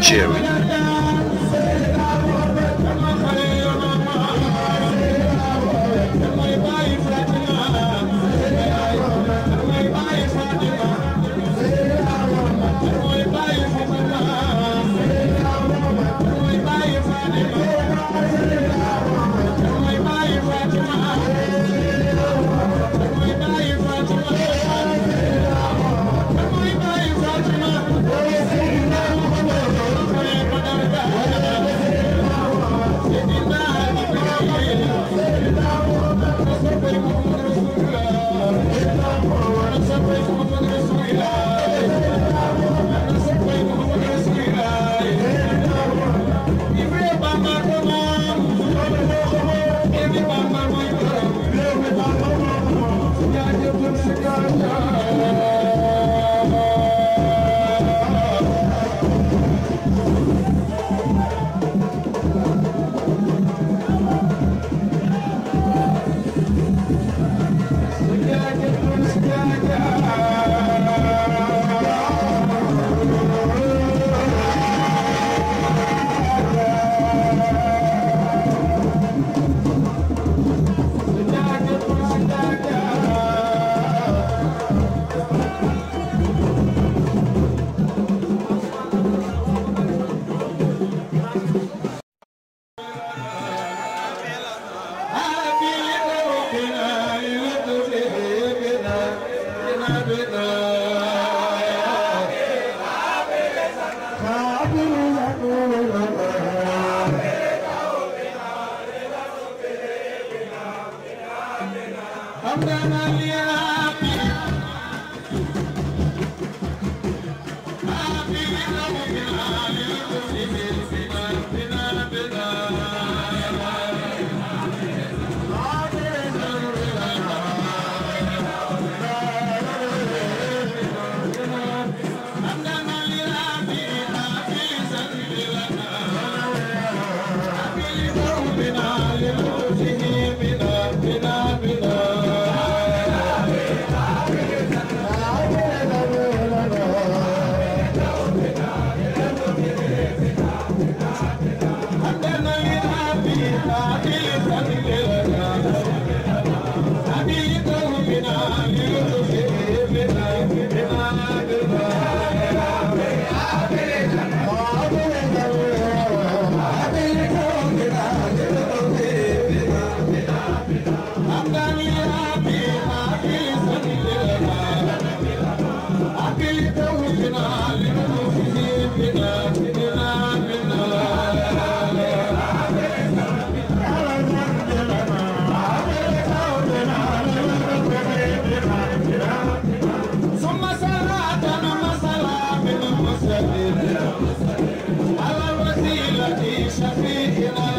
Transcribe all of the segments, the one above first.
Jerry. Shafi'ina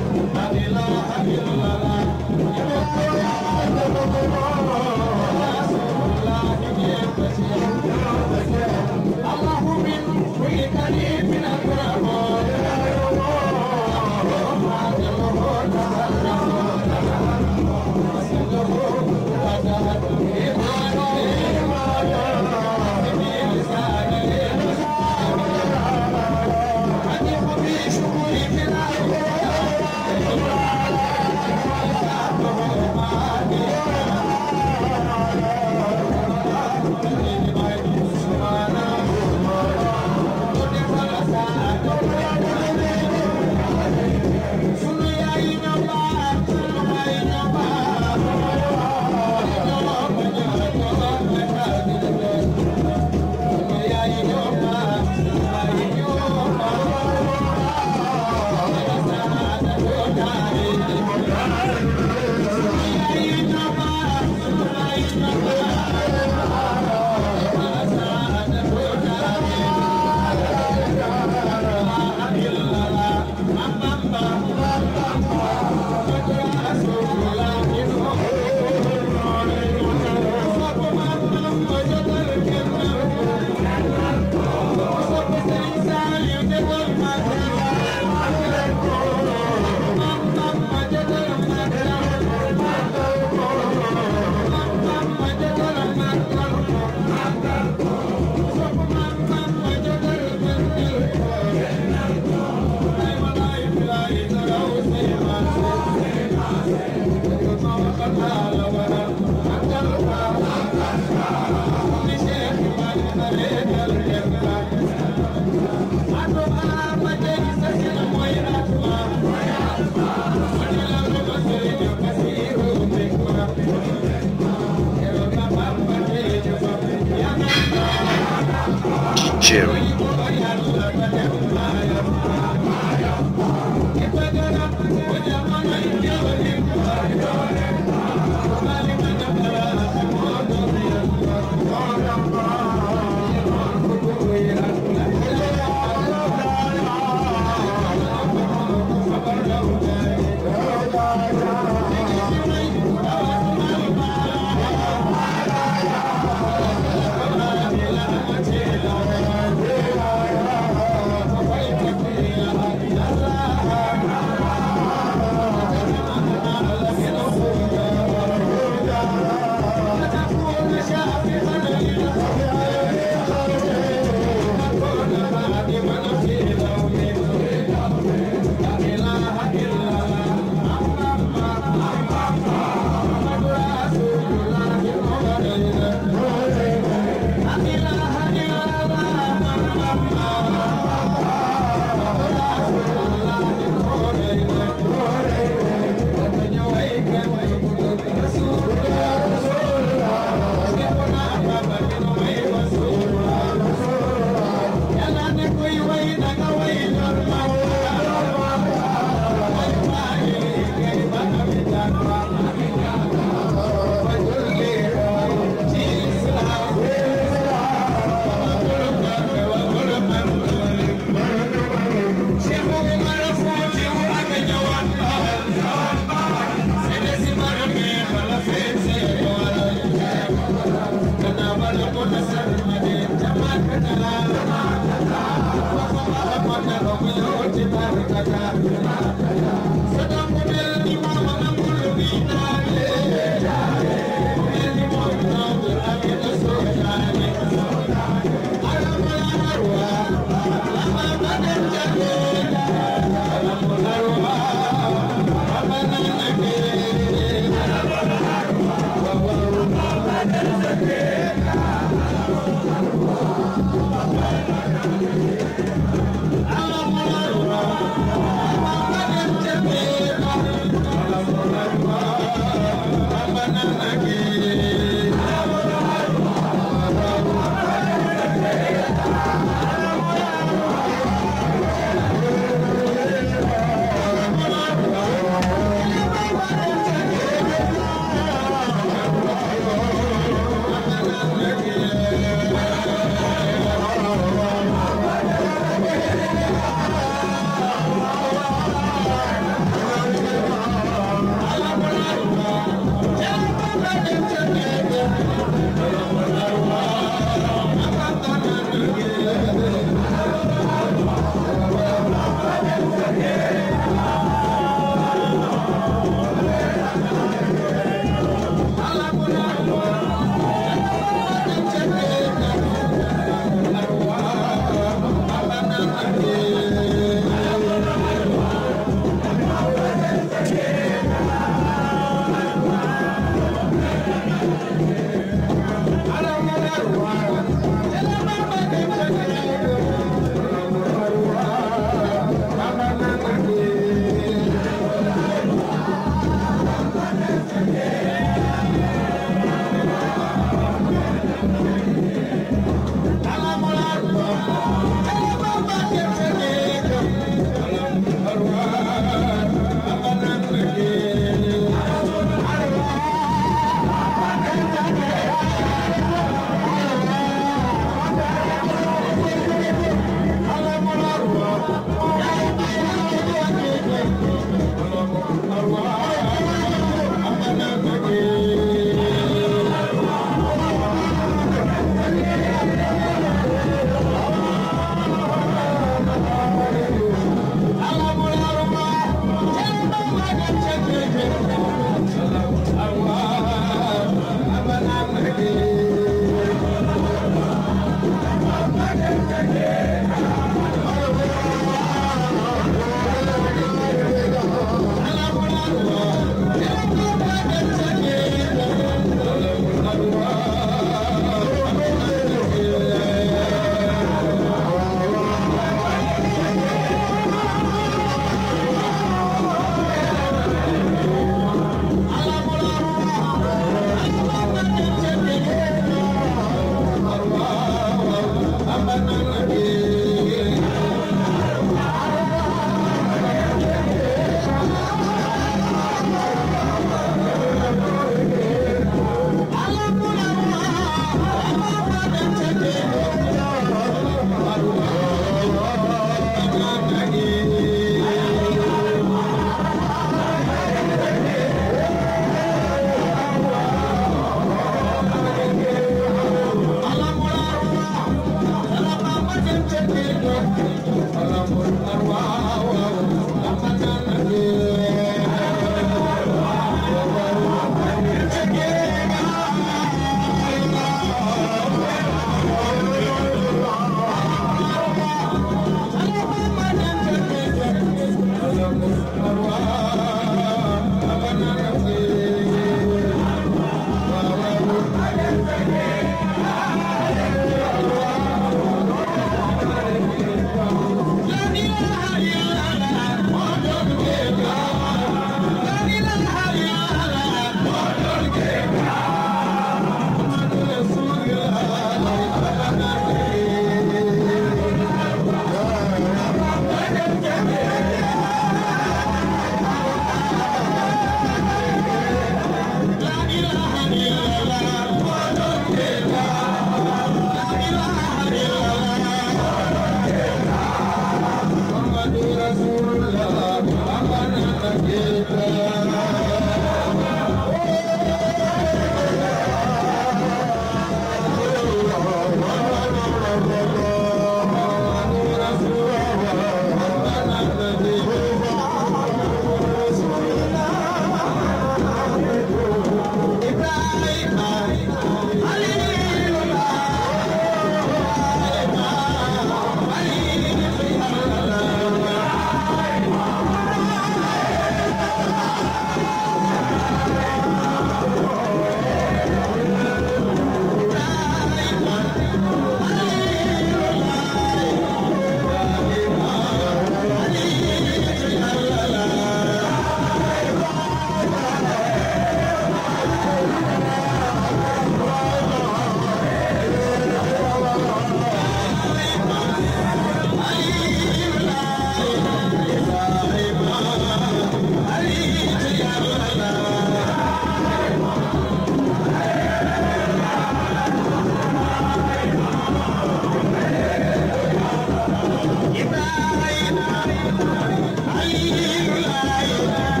I. you.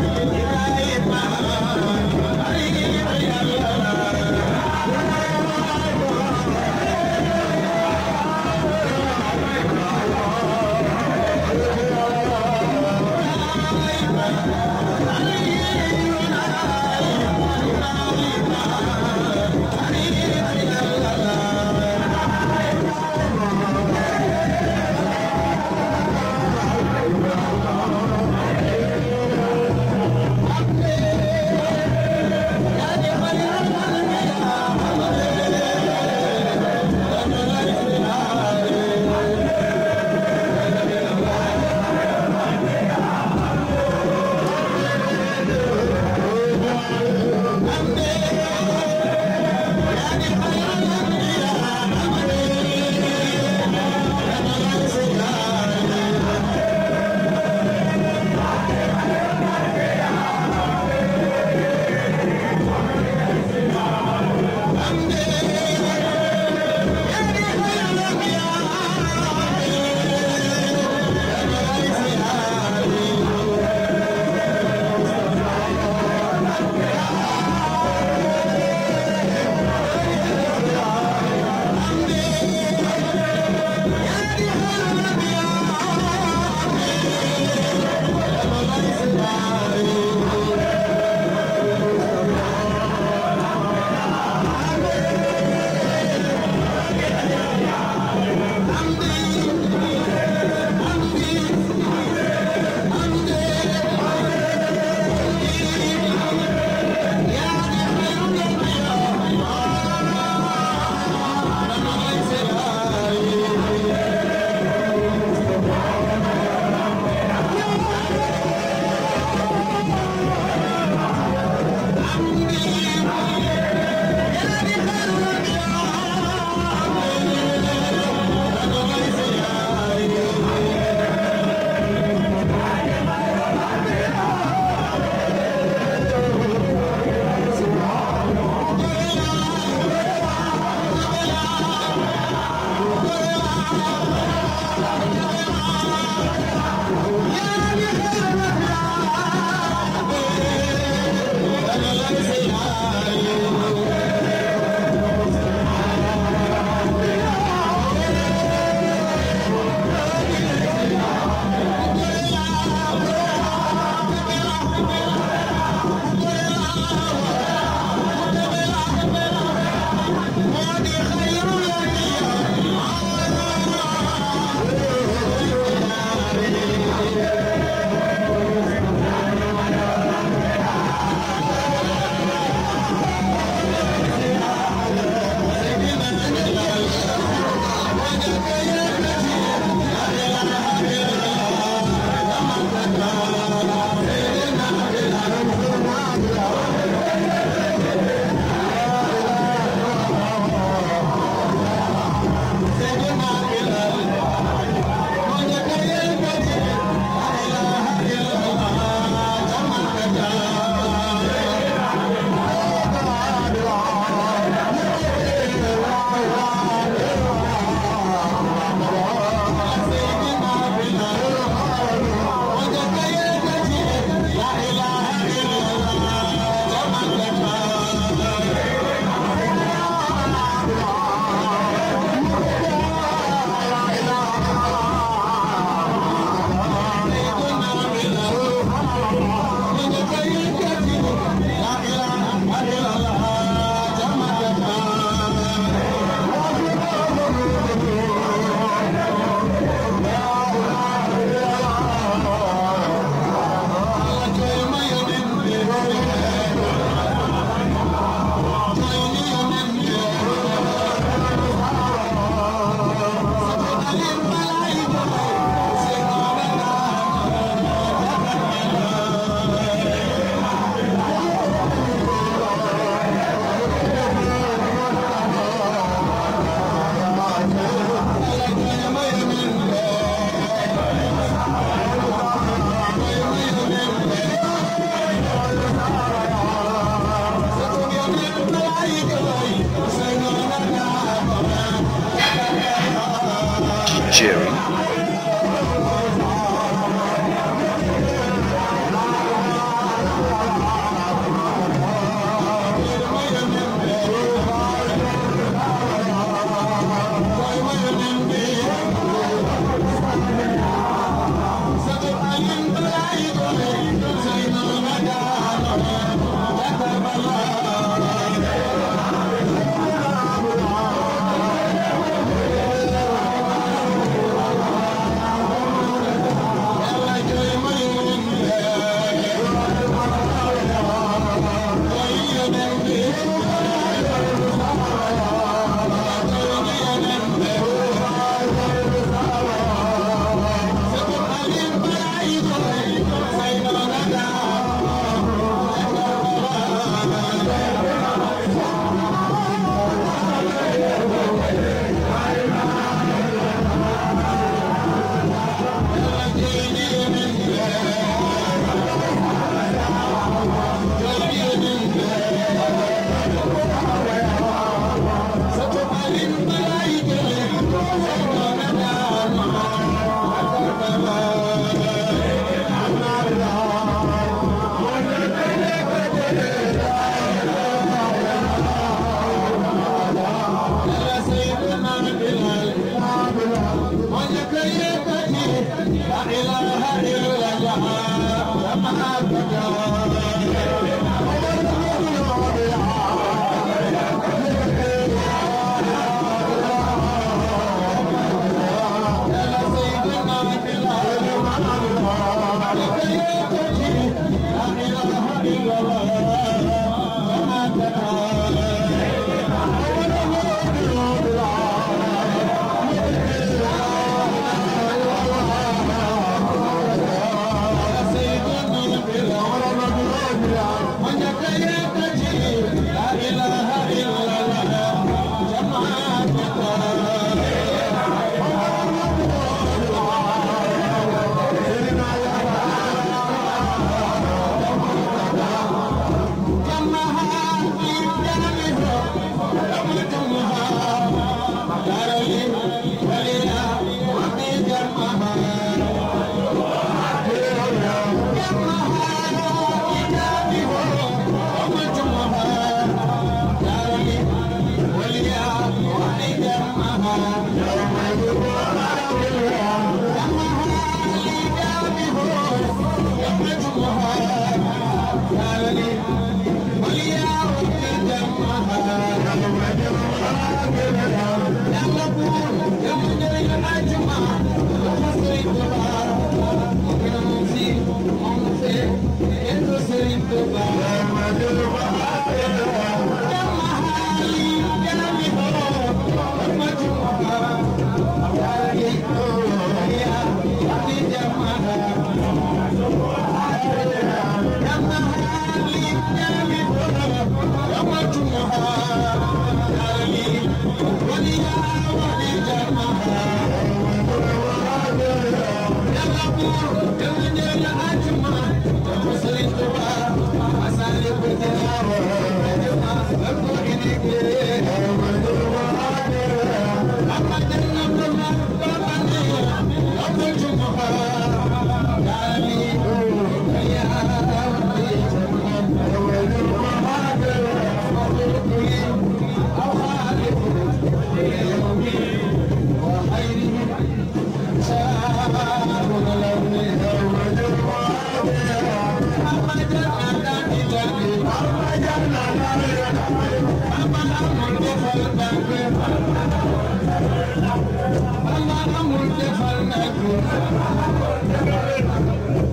Yeah.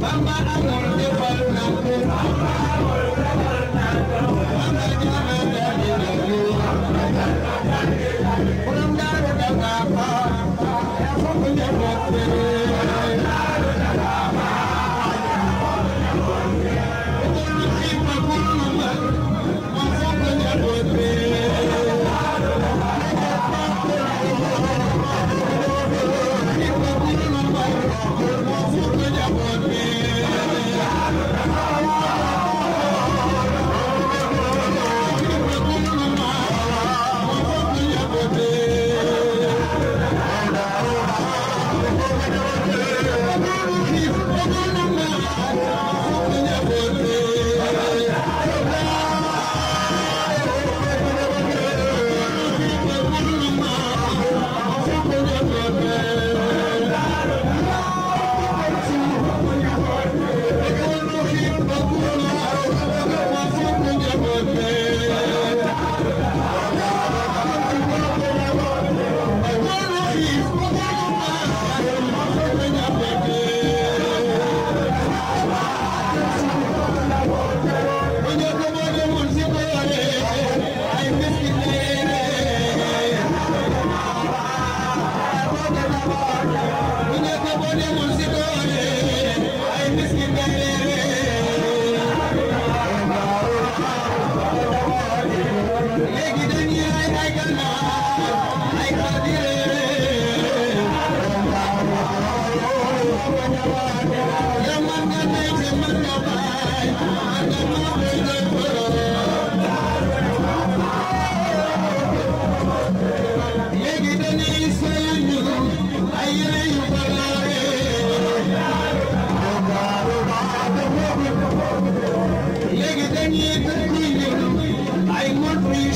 Bamba amor de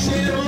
Shit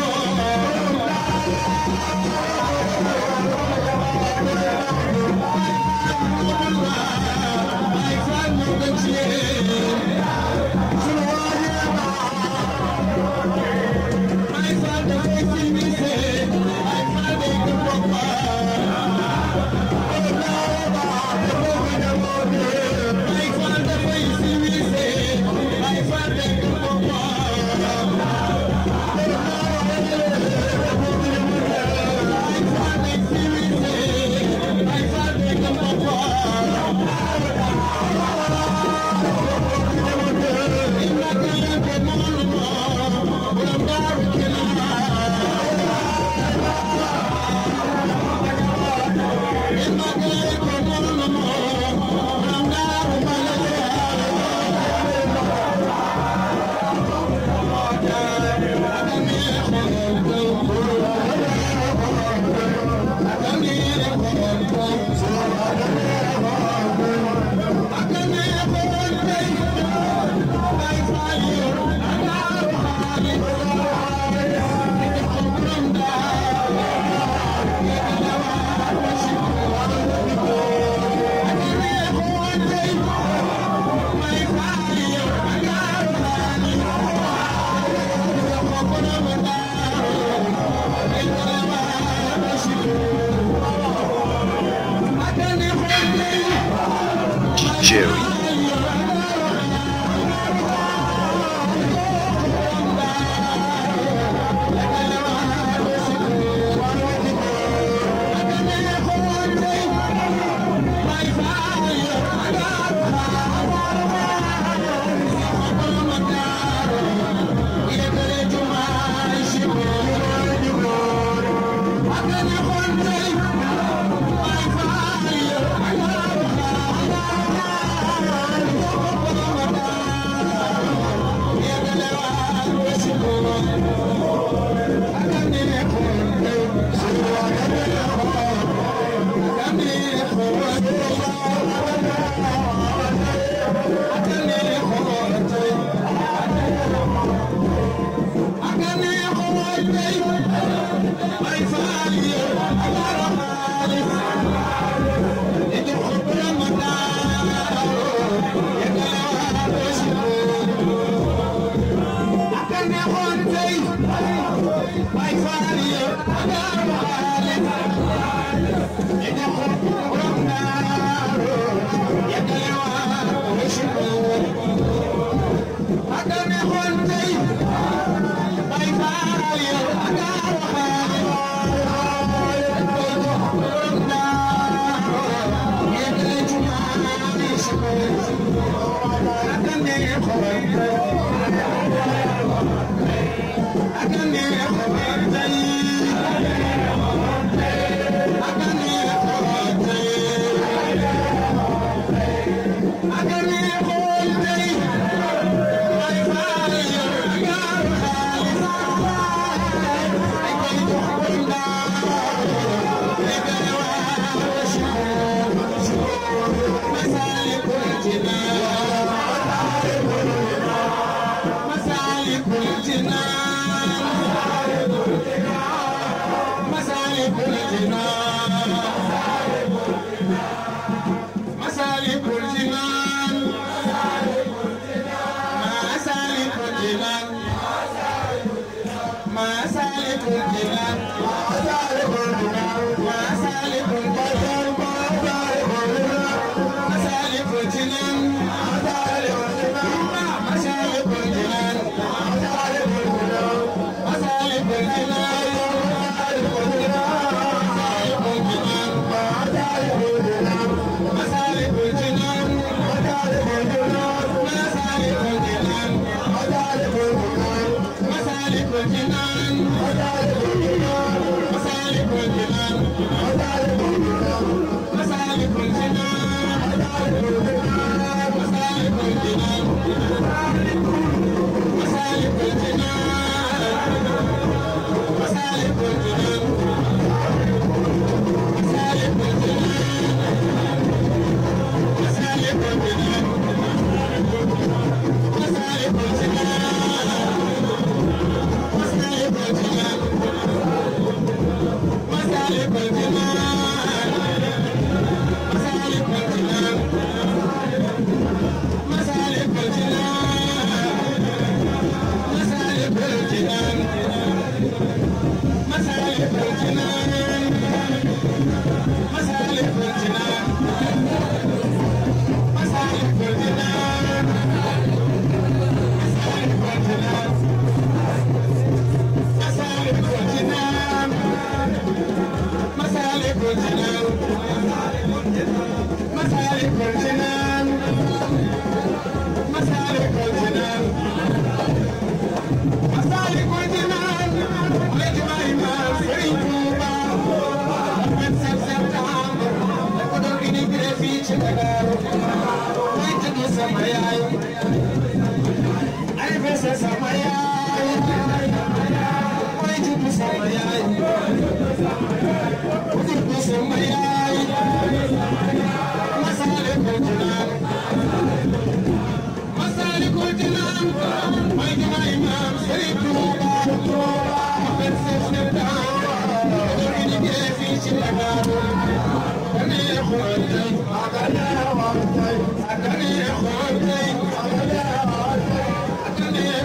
خوتي أغلى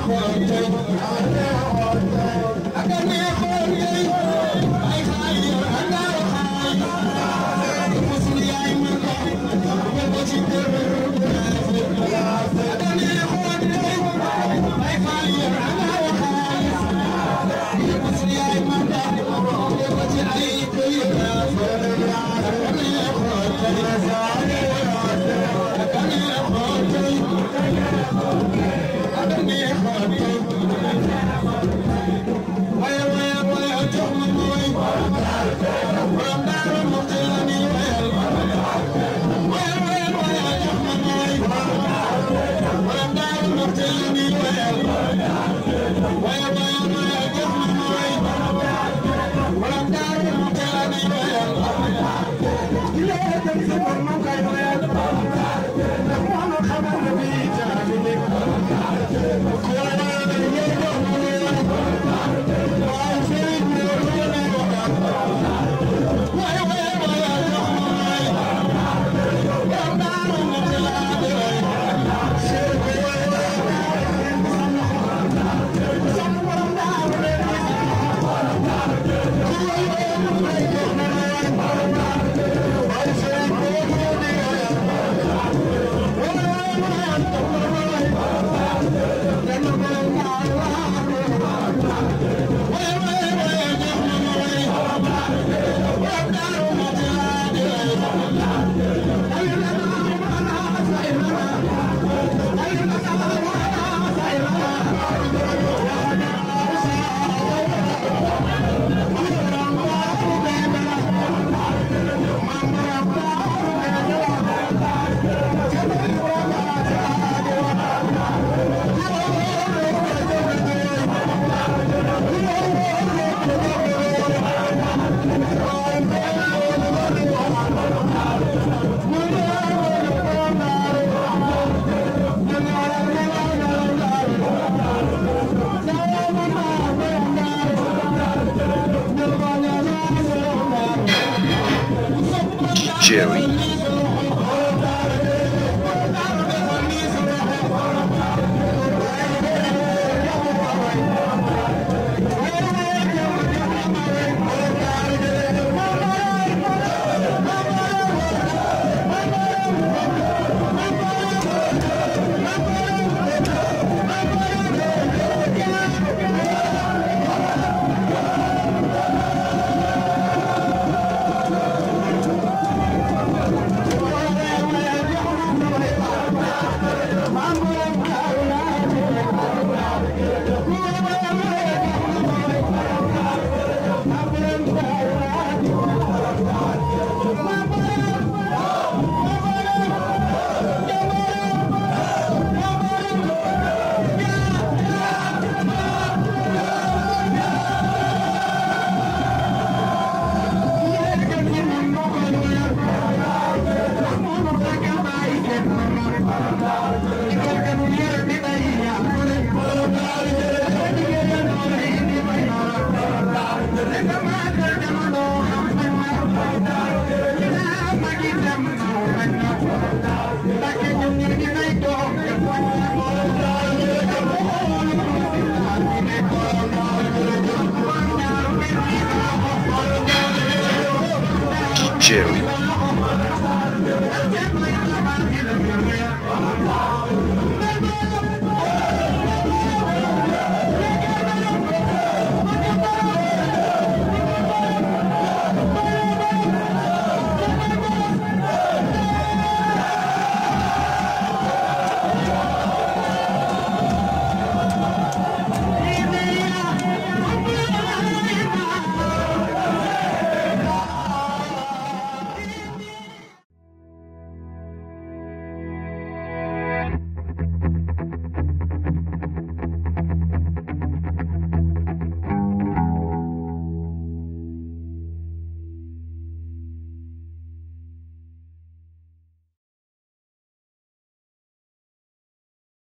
وقتي أكني